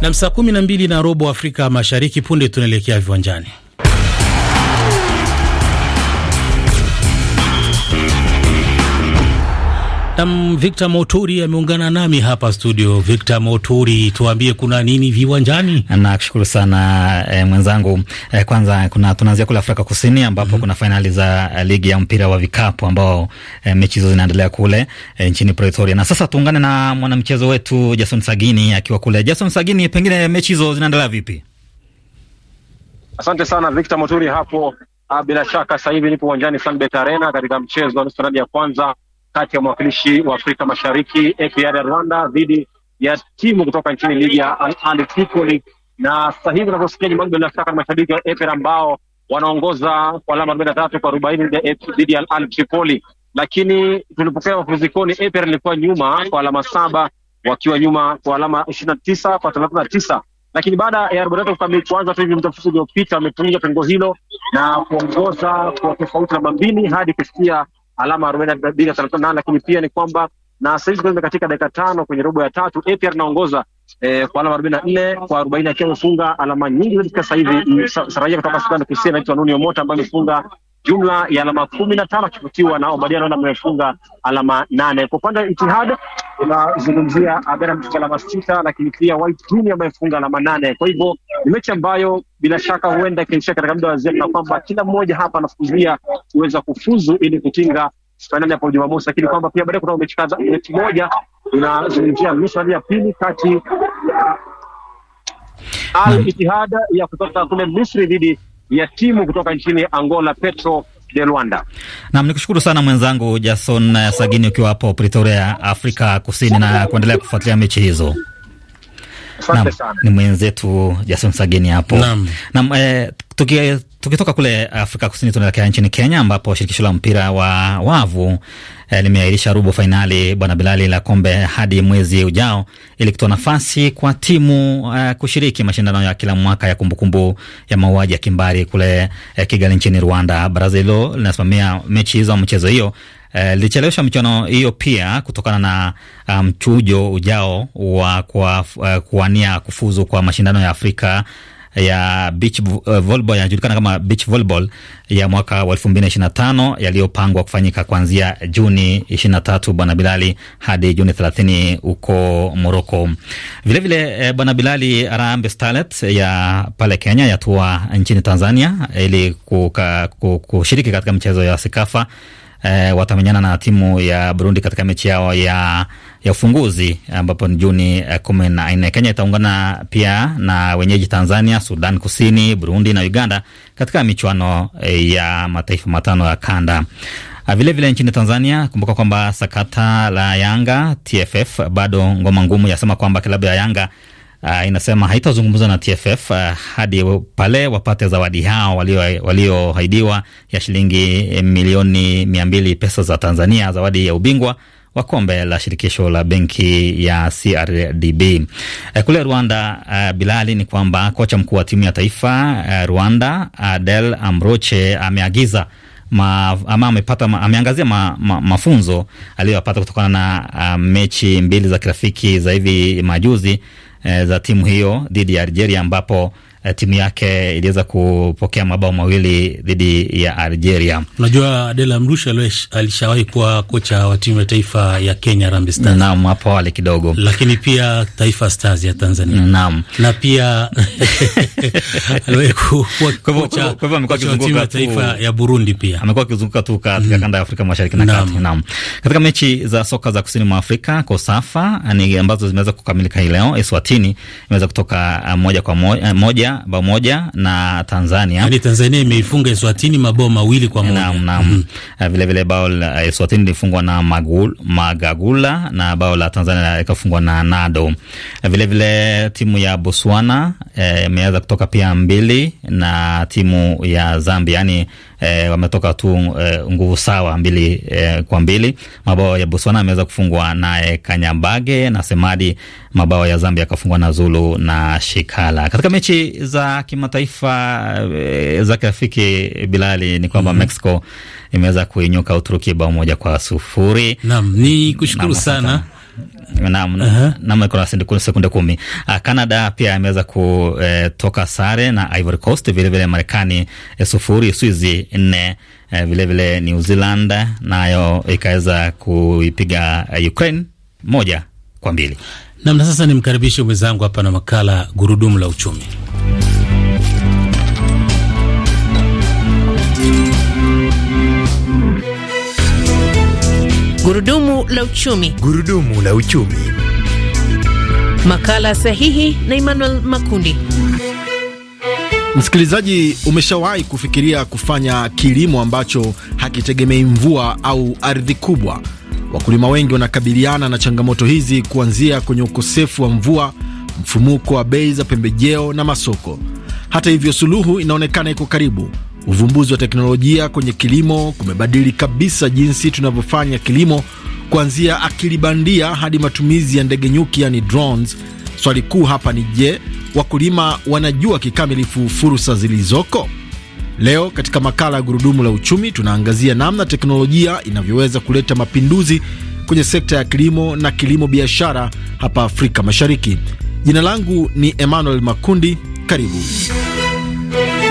Nam, saa kumi na mbili na robo Afrika Mashariki. Punde tunaelekea viwanjani. Nam Victor Moturi ameungana nami hapa studio. Victor Moturi, tuambie kuna nini viwanjani? Nakushukuru sana e, mwenzangu e, kwanza kuna tunaanzia kule Afrika Kusini ambapo mm -hmm. kuna fainali za eh, ligi ya mpira wa vikapu ambao e, mechi hizo zinaendelea kule e, nchini Pretoria, na sasa tuungane na mwanamchezo wetu Jason Sagini akiwa kule. Jason Sagini, pengine mechi hizo zinaendelea vipi? Asante sana Victor Moturi hapo. Ah, bila shaka sasa hivi nipo uwanjani Sunbet Arena katika mchezo wa nusu fainali ya kwanza kati ya mwakilishi wa Afrika Mashariki APR ya Rwanda dhidi ya timu kutoka nchini Libya Al Ahly Tripoli, na sasa hivi unavyosikia ni mambo bila shaka mashabiki wa APR ambao wanaongoza kwa alama 43 kwa 40 dhidi ya Al Ahly Tripoli, lakini tulipokuwa mapumzikoni APR ilikuwa nyuma kwa alama saba wakiwa nyuma kwa alama 29 kwa 39, lakini baada ya robo tatu kuanza tu hivi mtafuti uliopita wamevunja pengo hilo na kuongoza kwa tofauti namba mbili hadi kufikia alama arobaini na mbili thelathini na nane lakini pia ni kwamba na sasa hivi katika dakika tano kwenye robo ya tatu APR inaongoza eh, kwa alama arobaini na nne kwa arobaini akiwa amefunga alama nyingi zaidi sasa hivi. Raia kutoka Sudani Kusini anaitwa Nuni Omota ambaye amefunga jumla ya alama kumi na tano akifutiwa na Obadia naona amefunga alama nane. Kwa upande wa Itihad unazungumzia Abera amefunga alama sita, lakini pia White Queen amefunga alama nane. Kwa hivyo ni mechi ambayo bila shaka huenda ikaishia katika muda wa ziada, na kwamba kila mmoja hapa anafuzia kuweza kufuzu ili kutinga fainali hapo Jumamosi, lakini kwamba pia baadaye kuna mechi kadha, mechi moja inazungumzia nusu ya pili kati Al Ittihad ya kutoka kule Misri dhidi ya timu kutoka nchini Angola Petro de Luanda. Naam, nikushukuru sana mwenzangu Jason Sagini ukiwa hapo Pretoria, Afrika Kusini na kuendelea kufuatilia mechi hizo. Asante sana. Ni mwenzetu Jason Sageni hapo. Naam. Naam, eh, tukitoka kule Afrika Kusini tunaelekea nchini Kenya ambapo shirikisho la mpira wa wavu Eh, limeahirisha robo fainali bwana Bilali la kombe hadi mwezi ujao, ili kutoa nafasi kwa timu uh, kushiriki mashindano ya kila mwaka ya kumbukumbu ya mauaji ya kimbari kule uh, Kigali nchini Rwanda. Baraza hilo linasimamia mechi hizo, mchezo hiyo lilichelewesha uh, michuano hiyo pia kutokana na ah, mchujo um, ujao wa kuwania uh, kufuzu kwa mashindano ya Afrika ya beach eh, volleyball yanajulikana kama beach volleyball ya mwaka wa elfu mbili na ishirini na tano yaliyopangwa kufanyika kuanzia Juni ishirini na tatu Bwana Bilali hadi Juni thelathini huko Moroko. Vilevile eh, Bwana Bilali, Arambe Starlets ya pale Kenya yatua nchini Tanzania ili kuka, kushiriki katika mchezo ya Sekafa. Eh, watamenyana na timu ya Burundi katika mechi yao ya ya ufunguzi ambapo ni Juni eh, kumi na nne. Kenya itaungana pia na wenyeji Tanzania, Sudan Kusini, Burundi na Uganda katika michuano eh, ya mataifa matano ya kanda. Vilevile ah, vile nchini Tanzania, kumbuka kwamba sakata la Yanga TFF bado ngoma ngumu, yasema kwamba klabu ya Yanga Uh, inasema haitazungumza na TFF uh, ah, hadi pale wapate zawadi hao walioahidiwa walio ya shilingi eh, milioni mia mbili pesa za Tanzania, zawadi ya ubingwa wa kombe la shirikisho la benki ya CRDB. Eh, kule Rwanda, uh, Bilali, ni kwamba kocha mkuu wa timu ya taifa uh, Rwanda Adel Amroche ameagiza ma, ama amepata ma, ameangazia ma, ma, mafunzo aliyoyapata kutokana na uh, mechi mbili za kirafiki za hivi majuzi uh, za timu hiyo dhidi ya Algeria ambapo Eh, timu yake iliweza kupokea mabao mawili dhidi ya Algeria. Unajua, Adela Mrusha alishawahi kuwa kocha wa timu ya taifa ya Kenya Harambee Stars, naam, hapo awali kidogo, lakini pia Taifa Stars ya Tanzania, naam, na pia taifa ya Burundi, pia amekuwa akizunguka tu katika mhm. kanda ya Afrika Mashariki na Kati, naam. Katika mechi za soka za kusini mwa Afrika, Kosafa eh, ni ambazo zimeweza kukamilika hii leo, Eswatini imeweza kutoka eh, moja kwa moja bao moja na Tanzania. Yaani Tanzania imeifunga Eswatini mabao mawili kwa moja. Naam, naam. Mm -hmm. Vile vile bao la Eswatini lilifungwa na Magul, Magagula na bao la Tanzania ikafungwa na Nado. Eh, vile vile timu ya Botswana imeweza eh, kutoka pia mbili na timu ya Zambia. yani eh, wametoka tu eh, nguvu sawa mbili eh, kwa mbili. Mabao ya Botswana ameweza kufungwa naye Kanyambage na Semadi, mabao ya Zambia yakafungwa na Zulu na Shikala. Katika mechi za kimataifa eh, za kirafiki Bilali ni kwamba mm -hmm. Mexico imeweza kuinyuka Uturuki bao moja kwa sufuri. Naam, ni kushukuru sana Naam, naam, sekunde kumi. Ah, Canada pia imeweza kutoka eh, sare na Ivory Coast, vilevile Marekani eh, sufuri, Swizi nne vilevile eh, New Zealand nayo ikaweza kuipiga Ukraine moja kwa mbili. Namna sasa, nimkaribishe mwenzangu hapa na makala gurudumu la uchumi. Gurudumu la uchumi. Gurudumu la uchumi. Makala sahihi na Emmanuel Makundi. Msikilizaji, umeshawahi kufikiria kufanya kilimo ambacho hakitegemei mvua au ardhi kubwa? Wakulima wengi wanakabiliana na changamoto hizi kuanzia kwenye ukosefu wa mvua, mfumuko wa bei za pembejeo na masoko. Hata hivyo, suluhu inaonekana iko karibu. Uvumbuzi wa teknolojia kwenye kilimo kumebadili kabisa jinsi tunavyofanya kilimo, kuanzia akili bandia hadi matumizi ya ndege nyuki, yani drones. Swali kuu hapa ni je, wakulima wanajua kikamilifu fursa zilizoko? Leo katika makala ya Gurudumu la Uchumi tunaangazia namna teknolojia inavyoweza kuleta mapinduzi kwenye sekta ya kilimo na kilimo biashara hapa Afrika Mashariki. Jina langu ni Emmanuel Makundi, karibu.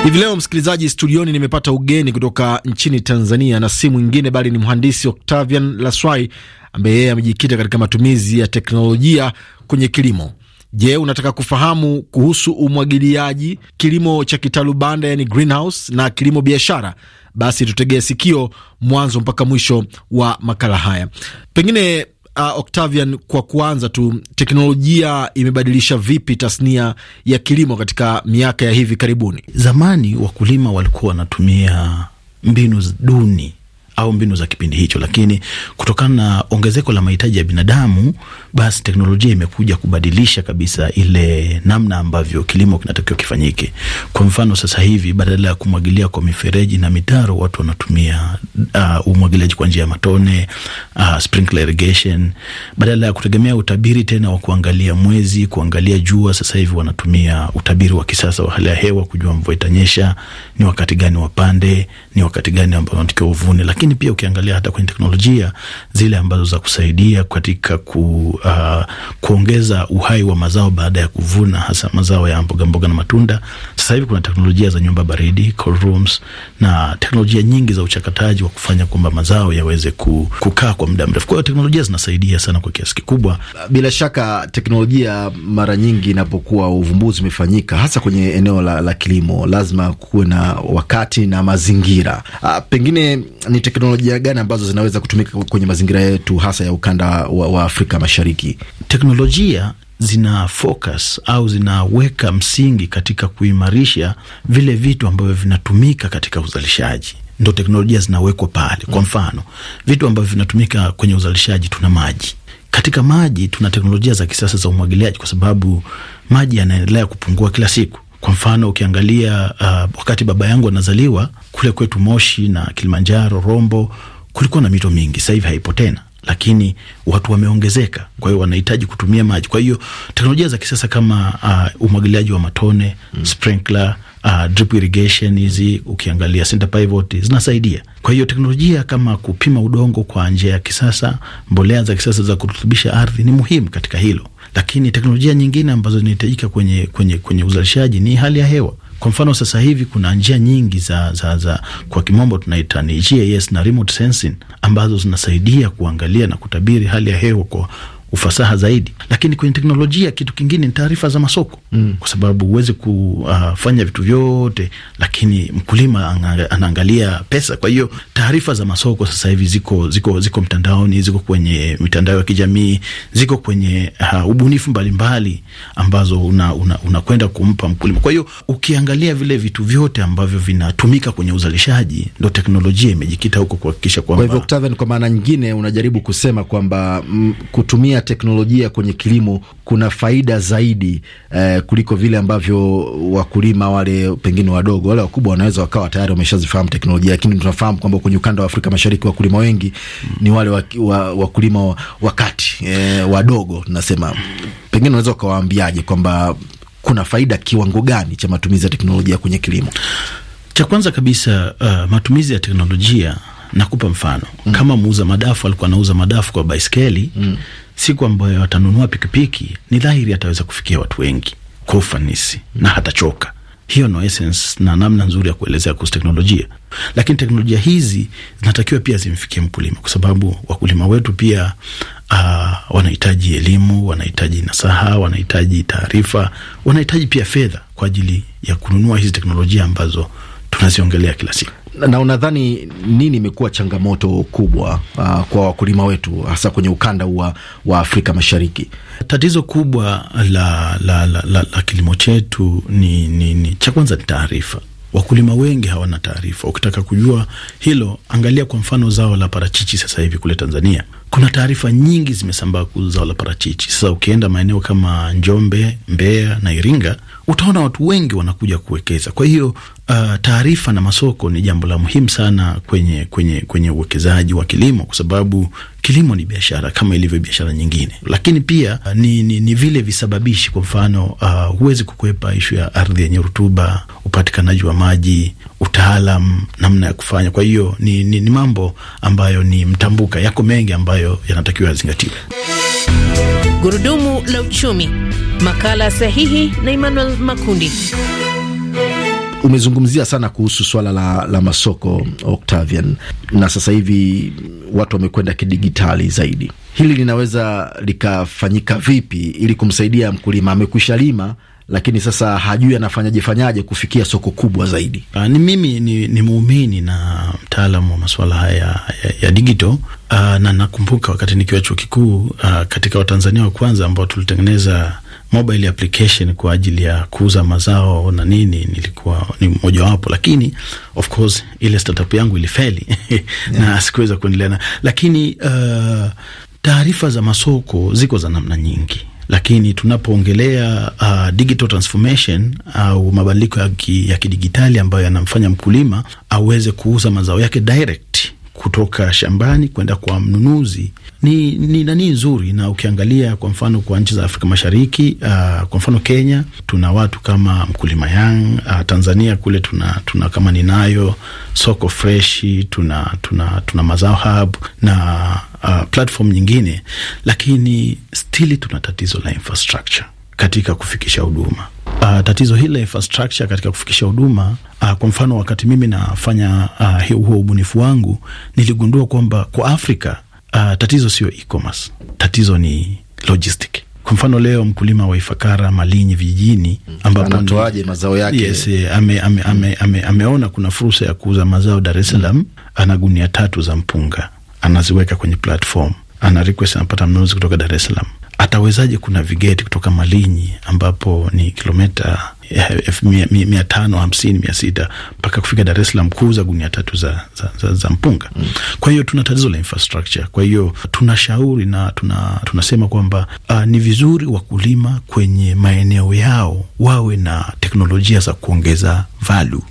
Hivi leo msikilizaji, studioni nimepata ugeni kutoka nchini Tanzania na si mwingine bali ni mhandisi Octavian Laswai ambaye yeye amejikita katika matumizi ya teknolojia kwenye kilimo. Je, unataka kufahamu kuhusu umwagiliaji, kilimo cha kitalubanda yani greenhouse, na kilimo biashara? Basi tutegee sikio mwanzo mpaka mwisho wa makala haya. Pengine uh, Octavian, kwa kuanza tu, teknolojia imebadilisha vipi tasnia ya kilimo katika miaka ya hivi karibuni? Zamani wakulima walikuwa wanatumia mbinu duni au mbinu za kipindi hicho, lakini kutokana na ongezeko la mahitaji ya binadamu, basi teknolojia imekuja kubadilisha kabisa ile namna ambavyo kilimo kinatakiwa kifanyike. Kwa mfano, sasa hivi badala ya kumwagilia kwa mifereji na mitaro, watu wanatumia uh, umwagiliaji kwa njia ya matone uh, sprinkler irrigation, badala ya kutegemea utabiri tena wa kuangalia mwezi, kuangalia jua. Sasa hivi wanatumia utabiri wa kisasa wa hali ya hewa, kujua mvua itanyesha, ni wakati gani wapande, ni wakati gani ambao wanatakiwa uvune, lakini lakini pia ukiangalia hata kwenye teknolojia zile ambazo za kusaidia katika ku, uh, kuongeza uhai wa mazao baada ya kuvuna, hasa mazao ya mboga mboga na matunda. Sasa hivi kuna teknolojia za nyumba baridi cold rooms, na teknolojia nyingi za uchakataji wa kufanya kwamba mazao yaweze ku, kukaa kwa muda mrefu. Kwa hiyo teknolojia zinasaidia sana kwa kiasi kikubwa. Bila shaka teknolojia mara nyingi inapokuwa uvumbuzi umefanyika hasa kwenye eneo la, la kilimo lazima kuwe na wakati na mazingira. A, ah, pengine ni teknolojia gani ambazo zinaweza kutumika kwenye mazingira yetu hasa ya ukanda wa, wa Afrika Mashariki? Teknolojia zina focus au zinaweka msingi katika kuimarisha vile vitu ambavyo vinatumika katika uzalishaji ndo teknolojia zinawekwa pale. Kwa mfano, vitu ambavyo vinatumika kwenye uzalishaji, tuna maji. Katika maji tuna teknolojia za kisasa za umwagiliaji, kwa sababu maji yanaendelea kupungua kila siku. Kwa mfano ukiangalia uh, wakati baba yangu anazaliwa kule kwetu Moshi na Kilimanjaro, Rombo, kulikuwa na mito mingi, sasa hivi haipo tena, lakini watu wameongezeka, kwa hiyo wanahitaji kutumia maji. Kwa hiyo teknolojia za kisasa kama uh, umwagiliaji wa matone mm, sprinkler Uh, drip irrigation hizi ukiangalia center pivot zinasaidia. Kwa hiyo teknolojia kama kupima udongo kwa njia ya kisasa, mbolea za kisasa za kurutubisha ardhi ni muhimu katika hilo. Lakini teknolojia nyingine ambazo zinahitajika kwenye, kwenye, kwenye uzalishaji ni hali ya hewa. Kwa mfano sasa hivi kuna njia nyingi za, za, za kwa kimombo tunaita ni GIS na remote sensing ambazo zinasaidia kuangalia na kutabiri hali ya hewa kwa ufasaha zaidi. Lakini kwenye teknolojia, kitu kingine ni taarifa za masoko mm. kwa sababu huwezi kufanya vitu vyote, lakini mkulima anaangalia pesa. Kwa hiyo taarifa za masoko sasa hivi ziko ziko ziko mtandaoni, ziko kwenye mitandao ya kijamii, ziko kwenye uh, ubunifu mbalimbali mbali, ambazo unakwenda una, una kumpa mkulima. Kwa hiyo ukiangalia vile vitu vyote ambavyo vinatumika kwenye uzalishaji, ndo teknolojia imejikita huko kuhakikisha kwamba, kwa hivyo kwa maana nyingine unajaribu kusema kwamba mm, kutumia kutumia teknolojia kwenye kilimo kuna faida zaidi eh, kuliko vile ambavyo wakulima wale pengine wadogo, wale wakubwa wanaweza wakawa tayari wameshazifahamu teknolojia, lakini tunafahamu kwamba kwenye ukanda wa Afrika Mashariki wakulima wengi ni wale wakulima wa, wakati eh, wadogo. Tunasema pengine unaweza ukawaambiaje kwamba kuna faida kiwango gani cha matumizi ya teknolojia kwenye kilimo? Cha kwanza kabisa uh, matumizi ya teknolojia nakupa mfano mm. Kama muuza madafu alikuwa anauza madafu kwa baiskeli mm siku ambayo atanunua pikipiki, ni dhahiri ataweza kufikia watu wengi kwa ufanisi na hatachoka. Hiyo no essence na namna nzuri ya kuelezea kuhusu teknolojia. Lakini teknolojia hizi zinatakiwa pia zimfikie mkulima, kwa sababu wakulima wetu pia uh, wanahitaji elimu, wanahitaji nasaha, wanahitaji taarifa, wanahitaji pia fedha kwa ajili ya kununua hizi teknolojia ambazo tunaziongelea kila siku na unadhani nini imekuwa changamoto kubwa uh, kwa wakulima wetu hasa kwenye ukanda wa, wa Afrika Mashariki? Tatizo kubwa la, la, la, la, la kilimo chetu ni, ni, ni cha kwanza ni taarifa. Wakulima wengi hawana taarifa. Ukitaka kujua hilo, angalia kwa mfano zao la parachichi sasa hivi kule Tanzania. Kuna taarifa nyingi zimesambaa kuhusu zao la parachichi. Sasa ukienda maeneo kama Njombe, Mbeya na Iringa, utaona watu wengi wanakuja kuwekeza. Kwa hiyo uh, taarifa na masoko ni jambo la muhimu sana kwenye kwenye kwenye uwekezaji wa kilimo, kwa sababu kilimo ni biashara kama ilivyo biashara nyingine, lakini pia uh, ni, ni, ni vile visababishi. Kwa mfano, uh, huwezi uh, kukwepa ishu ya ardhi yenye rutuba, upatikanaji wa maji, utaalam, namna ya kufanya. Kwa hiyo ni, ni, ni mambo ambayo ni mtambuka, yako mengi ambayo ambayo yanatakiwa yazingatiwe. Gurudumu la uchumi, makala sahihi na Emmanuel Makundi. Umezungumzia sana kuhusu swala la, la masoko Octavian, na sasa hivi watu wamekwenda kidigitali zaidi. Hili linaweza likafanyika vipi ili kumsaidia mkulima? Amekwisha lima lakini sasa hajui anafanyaje fanyaje kufikia soko kubwa zaidi. Uh, ni mimi ni, ni muumini na mtaalamu wa masuala haya ya, ya digital uh, na nakumbuka wakati nikiwa chuo kikuu uh, katika Watanzania wa kwanza ambao tulitengeneza mobile application kwa ajili ya kuuza mazao na nini, nilikuwa ni mmojawapo, lakini of course ile startup yangu ilifeli na sikuweza kuendelea na, lakini uh, taarifa za masoko ziko za namna nyingi lakini tunapoongelea uh, digital transformation au mabadiliko ya kidigitali ambayo yanamfanya mkulima aweze kuuza mazao yake direct kutoka shambani kwenda kwa mnunuzi ni, ni nani nzuri. Na ukiangalia kwa mfano kwa nchi za Afrika Mashariki uh, kwa mfano Kenya tuna watu kama mkulima yang uh, Tanzania kule tuna, tuna kama ninayo soko freshi tuna, tuna, tuna mazao hub na uh, platform nyingine, lakini stili tuna tatizo la infrastructure katika kufikisha huduma. Uh, tatizo hili infrastructure katika kufikisha huduma uh, kwa mfano wakati mimi nafanya uh, huo ubunifu wangu niligundua kwamba kwa Afrika uh, tatizo sio e-commerce, tatizo ni logistic. Kwa mfano leo mkulima wa Ifakara, Malinyi vijijini, mm. ambapo anatoaje mazao yake? Yes, eh, ame, ame, ame, ame, ameona kuna fursa ya kuuza mazao Dar es Salaam, ana gunia tatu za mpunga anaziweka kwenye platform ana request anapata mnunuzi kutoka Dar es Salaam, atawezaje? Kuna vigeti kutoka Malinyi ambapo ni kilomita eh, mia tano hamsini mia sita mpaka kufika Dar es Salaam kuuza gunia tatu za, za, za, za mpunga mm. Kwa hiyo tuna tatizo la infrastructure. Kwa hiyo tunashauri na tuna, tunasema kwamba uh, ni vizuri wakulima kwenye maeneo yao wawe na teknolojia za kuongeza value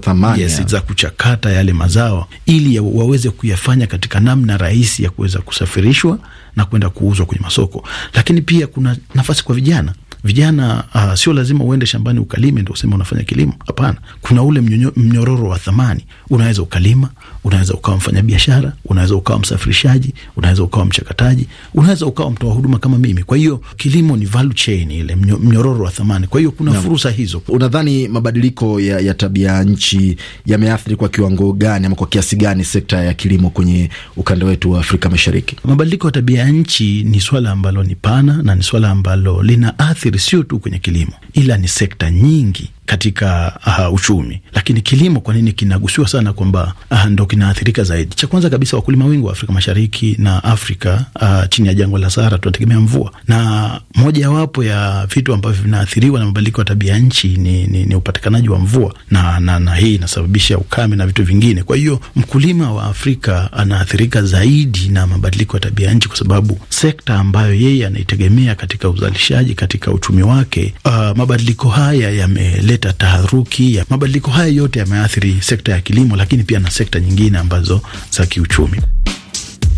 thamani yes, za kuchakata yale mazao ili ya waweze kuyafanya katika namna rahisi ya kuweza kusafirishwa na kwenda kuuzwa kwenye masoko. Lakini pia kuna nafasi kwa vijana vijana uh, sio lazima uende shambani ukalime ndo useme unafanya kilimo. Hapana, kuna ule mnyonyo, mnyororo wa thamani. Unaweza ukalima, unaweza ukawa mfanya biashara, unaweza ukawa msafirishaji, unaweza ukawa mchakataji, unaweza ukawa mtoa huduma kama mimi. Kwa hiyo kilimo ni value chain, ile mnyo, mnyororo wa thamani. Kwa hiyo kuna na fursa hizo. Unadhani mabadiliko ya, ya tabia nchi yameathiri kwa kiwango gani ama kwa kiasi gani sekta ya kilimo kwenye ukanda wetu wa Afrika Mashariki? Mabadiliko ya tabia ya nchi ni swala ambalo ni pana na ni swala ambalo lina athiri sio tu kwenye kilimo, ila ni sekta nyingi katika uh, uchumi. Lakini kilimo, kwa nini kinagusiwa sana kwamba uh, ndo kinaathirika zaidi? Cha kwanza kabisa, wakulima wengi wa Afrika Mashariki na Afrika uh, chini ya jangwa la Sahara tunategemea mvua, na mojawapo ya vitu ambavyo vinaathiriwa na mabadiliko ya tabia nchi ni, ni, ni upatikanaji wa mvua na, na, na hii inasababisha ukame na vitu vingine. Kwa hiyo mkulima wa Afrika anaathirika zaidi na mabadiliko ya tabia nchi, kwa sababu sekta ambayo yeye anaitegemea katika uzalishaji, katika uchumi wake, uh, mabadiliko haya yame kuleta taharuki ya mabadiliko haya yote yameathiri sekta ya kilimo, lakini pia na sekta nyingine ambazo za kiuchumi.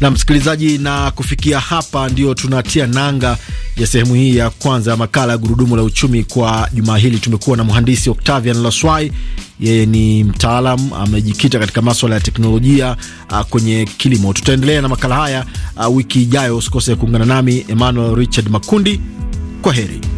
Na msikilizaji, na kufikia hapa ndio tunatia nanga ya sehemu hii ya kwanza ya makala ya gurudumu la uchumi kwa jumaa hili. Tumekuwa na mhandisi Octavian Laswai, yeye ni mtaalam amejikita katika maswala ya teknolojia a, ah, kwenye kilimo. Tutaendelea na makala haya a, ah, wiki ijayo. Usikose kuungana nami Emmanuel Richard Makundi. Kwa heri.